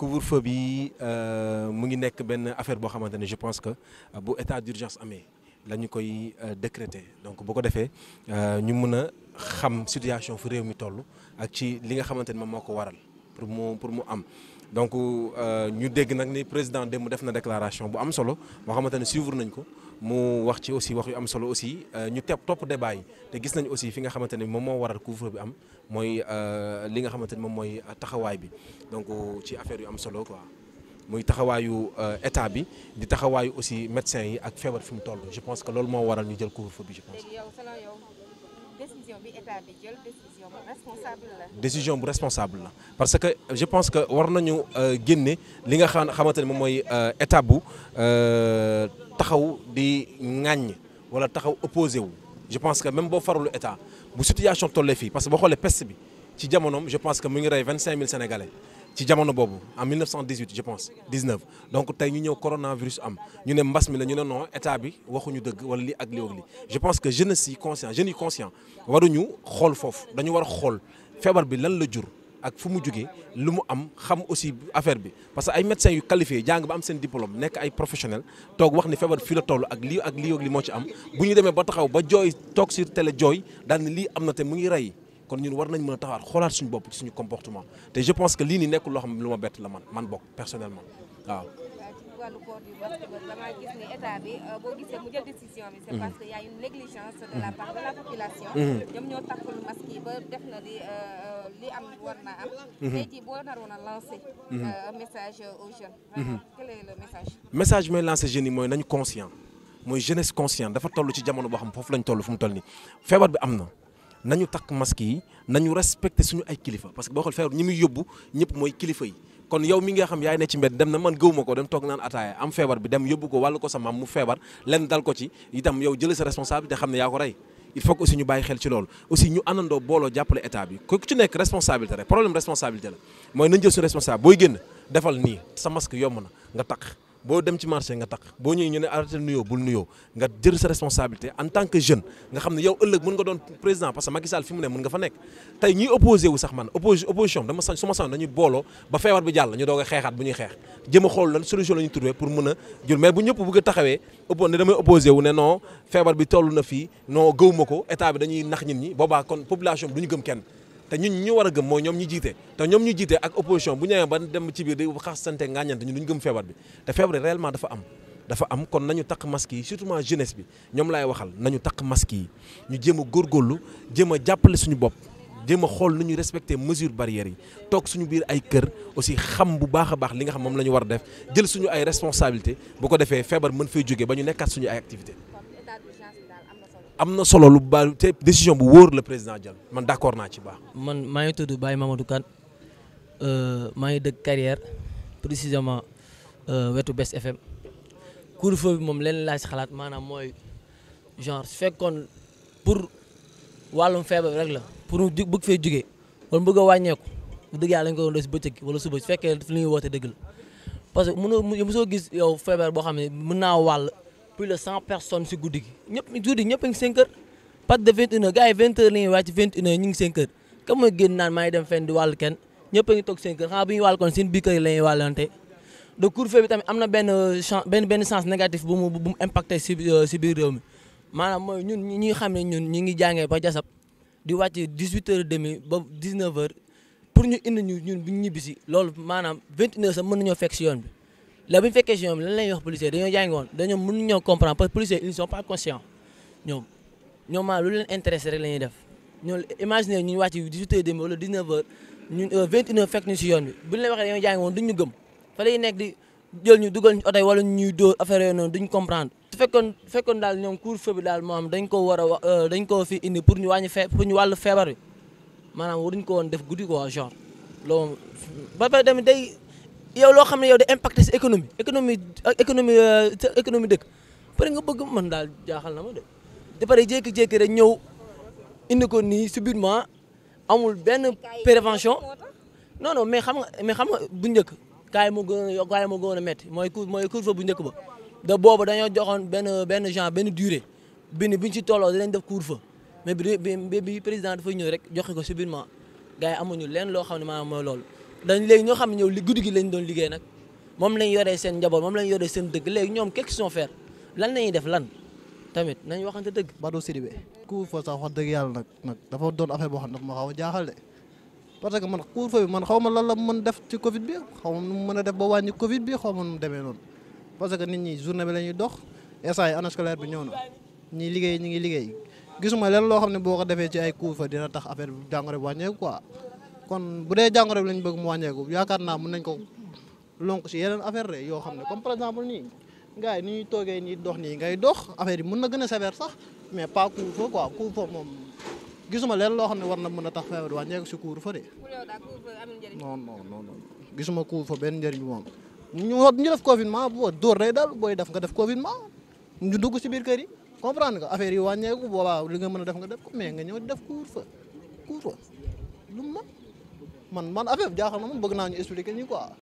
couvre-feu bi euh, mu ngi nekk benn affaire boo xamante ne je pense que euh, bu état d'urgence amee la ñu koy euh, décréter donc boo ko defee ñu mun a xam situation fu réew mi toll ak ci li nga xamante ne moom moo ko waral pour mu am. donc euh, ñu dégg nag ni président mu def na déclaration bu am solo moo xamante ne suivre nañ ko mu wax ci aussi wax yu am solo aussi euh, ñu te topp débat yi te gis nañ aussi fi nga xamante ne moom moo waral couvre bi am mooy euh, li nga xamante ne moom mooy taxawaay bi donc ci affaire yu am solo quoi muy taxawaayu état bi di taxawaayu aussi médecin yi ak feebar fi mu toll je pense que loolu moo waral ñu jël couvre-feu bi je pense. décision bu responsable la. parce que je pense que war nañu euh, génne li nga xamante ne moom mooy euh, état bu euh, taxaw di ŋàññ wala taxaw opposé wu. je pense que même boo farulu état bu situation tollee fii parce que boo xoolee peste bi ci jamonoom je pense que mu ngi rey vingt cinq mille sénégalais. ci jamono boobu en 1918 je pense 19 donc tey ñu ñëw coronavirus am ñu ne mbas mi la ñu ne non état bi waxuñu dëgg wala lii ak lii ak lii je pense que jeunes yi conscient jeunes yi conscient waruñu xool foofu dañu war a xool feebar bi lan la jur ak fu mu jógee lu mu am xam aussi affaire bi parce que ay médecins yu qualifiés jàng ba am seen diplôme nekk ay professionnels toog wax ni feebar fii la toll ak lii ak lii ak lii moo ci am bu ñu demee ba taxaw ba jooy toog sur télé jooy daal lii am na te mu ngi rey. kon ñun war nañ mën a taxawaat xoolaat suñu bopp suñu comportement te je pense que lii nii nekkul loo xam lu ma bett la man man bokk personnellement waaw. parce que y a une négligence de la part de la population ñoom ñoo takkul masque yi ba def na li li am na am a lancer un message aux jeunes vraiment mooy nañu conscient mooy jeunesse conscient dafa toll ci jamono boo xam foofu lañ toll fu mu toll nii feebar bi am na nañu takk masque yi nañu respecté suñu ay kilifa parce que boo xool feebar ñi muy yóbbu ñëpp mooy kilifa yi kon yow mi nga xam yaay ne ci mbedd dem na man gëwuma ko dem toog naan ataaya am feebar bi dem yóbbu ko wàllu ko sa maam mu feebar lenn dal ko ci itam yow jëlee sa responsabilité xam ne yaa ko rey il faut que aussi ñu bàyyi xel ci loolu aussi ñu àndandoo booloo jàppale état bi ku ci nekk responsabilité rek problème responsabilité la mooy nañ jël suñu responsable booy génn defal nii sa masque na nga takk boo dem ci marché nga tax boo ñuy ñu ne arrêté nuyoo bul nuyoo nga jël sa responsabilité en tant que jeune nga xam ne yow ëllëg mën nga doon président parce que Macky Sall fi mu ne mën nga fa nekk tey ñuy opposé wu sax man opposition dama sañ su ma sañ dañuy booloo ba feebar bi jàll ñu doog a xeexaat bu ñuy xeex jëm a xool lan solution la ñu trouvé pour mën a jël mais bu ñëpp bëgg a taxawee ëpp ne damay opposé ne non feebar bi toll na fii non gëw ma ko état bi dañuy nax nit ñi boobaa kon population bi ñu gëm kenn te ñun ñu war a gëm mooy ñoom ñu jiite te ñoom ñu jiite ak opposition bu ñëwee ba dem ci biir di xaasante ngaañante ñun duñ gëm feebar bi te feebar bi réellement dafa am dafa am kon nañu takk masque yi surtout jeunesse bi ñoom laay waxal nañu takk masque yi ñu jéem a góorlu jéem a jàppale suñu bopp jéem a xool nu ñu respecté mesure barrières yi toog suñu biir ay kër aussi xam bu baax a baax li nga xam moom la ñu war a def jël suñu ay responsabilité bu ko defee feebar mën fay jógee ba ñu nekkaat suñu ay activité am na solo lu ba te décision bu wóor la président jël man d' accord naa ci baax. man maa ngi tudd Baye Mamadou Kane euh, maa ngi dëgg carrière précisément euh, wetu Best FM couvre-feu moom leen laa xalaat maanaam mooy genre su fekkoon pour wàllum feebar rek la pour mu bëgg fee jugee wala bëgg a wàññeeku bu dëgg yàlla dañ ko doon si bëccëg wala suba su fekkee li ñuy woote dëgg la parce que mënoo mësoo gis yow feebar boo xam ne mën naa wàll. plus de cent personnes si guddi gi ñëpp guddi ñëpp a ngi seen kër parce de vingt une heure yi vingt heures ñu am na benn euh, chance benn benn sens négatif bu mu bu mu impacté si euh, ñun ñi nga xam ne ñun ñi ngi jàngee ba jasab di wàcc dix huit ñu ñun bu ñu ñibbisi loolu maanaam vingt une heures sax mën nañoo fekk si yoon bi la bu ñu fekkee si ñoom lan lay wax policier dañoo jàngoon dañoo mënu ñoo comprendre pas conscients ñoom ñoom lu leen intéressé rek la ñuy def ñoom imaginer ñu wàcc 18 heures dem wala 19 heures ñun 21 euh, heures ñu si yoon bu la waxee dañoo jàngoon ñu gëm fa lay nekk di jël ñu dugal ñu oto yi wala ñuy dóor affaire yooyu noonu duñ comprendre su fekkoon fekkoon daal ñoom couvre-feu daal moo am dañ ko war a wax euh, dañ ko fi indi pour ñu wàññi fee pour ñu wàllu feebar bi maanaam waruñ ko woon def guddi quoi genre loolu ba pare tamit day yow loo xam ne yow da impacté si économie économie économie euh, économie dëkk pare nga bëgg man daal jaaxal na ma de pare jékki-jékki rek ñëw indi ko nii subitement amul benn prévention non non mais xam nga mais xam nga bu njëkk kaay moo gën a kaay moo gën a métti mooy cour mooy bu njëkk ba da boobu dañoo joxoon benn benn genre benn durée bi ni biñ ci tolloo dinañ def couvre-feu mais bi président dafay ñëw rek joxe ko subitement gars yi amuñu leen loo xam ne maanaam mooy loolu dañ léegi ñoo xam ne ñëw li guddi gi lañ doon liggéey nag moom lañ yoree seen njaboot moom lañ yoree seen dëgg léegi ñoom qu'est-ce qu'ils vont lan lañuy def lan tamit nañ waxante dëgg Badou Sidibé couvre-feu sax wax dëgg yàlla nag nag dafa doon affaire boo xam ne a jaaxal de man xaw ma lan la mën def ci Covid bi ma nu mën a def ba wàññi Covid bi xaw ma nu demee noonu que nit ñi journée bi la ñuy dox instant yi année bi ñëw na ñi liggéey ñi ngi liggéey gisuma leen loo xam ne boo ko defee ci ay couvre-feu dina tax affaire bi jàngoro bi wàññeeku quoi kon bu dee jàngoro bi lañ bëgg mu wàññeeku yaakaar naa mën nañ ko lonk si yeneen affaire de yoo xam ne comme par exemple nii gars yi ni ñuy toogee nii dox nii ngay dox affaire yi mën na gën a sévère sax mais pas couvre-feu quoi couvre moom gisuma leen loo xam ne war na mën a tax feebar wàññeeku si couvre-feu de. non non non non gisuma couvre-feu benn njëriñ moom ñu ñu def boo dóor day dal booy def nga def confinement ñu dugg si biir kër yi comprendre nga affaire yi wàññeeku boobaa li nga mën a def nga def ko mais nga ñëw def couvre-feu lu mu man man affaire bi jaaxal na man bëgg naa ñu expliquer ñu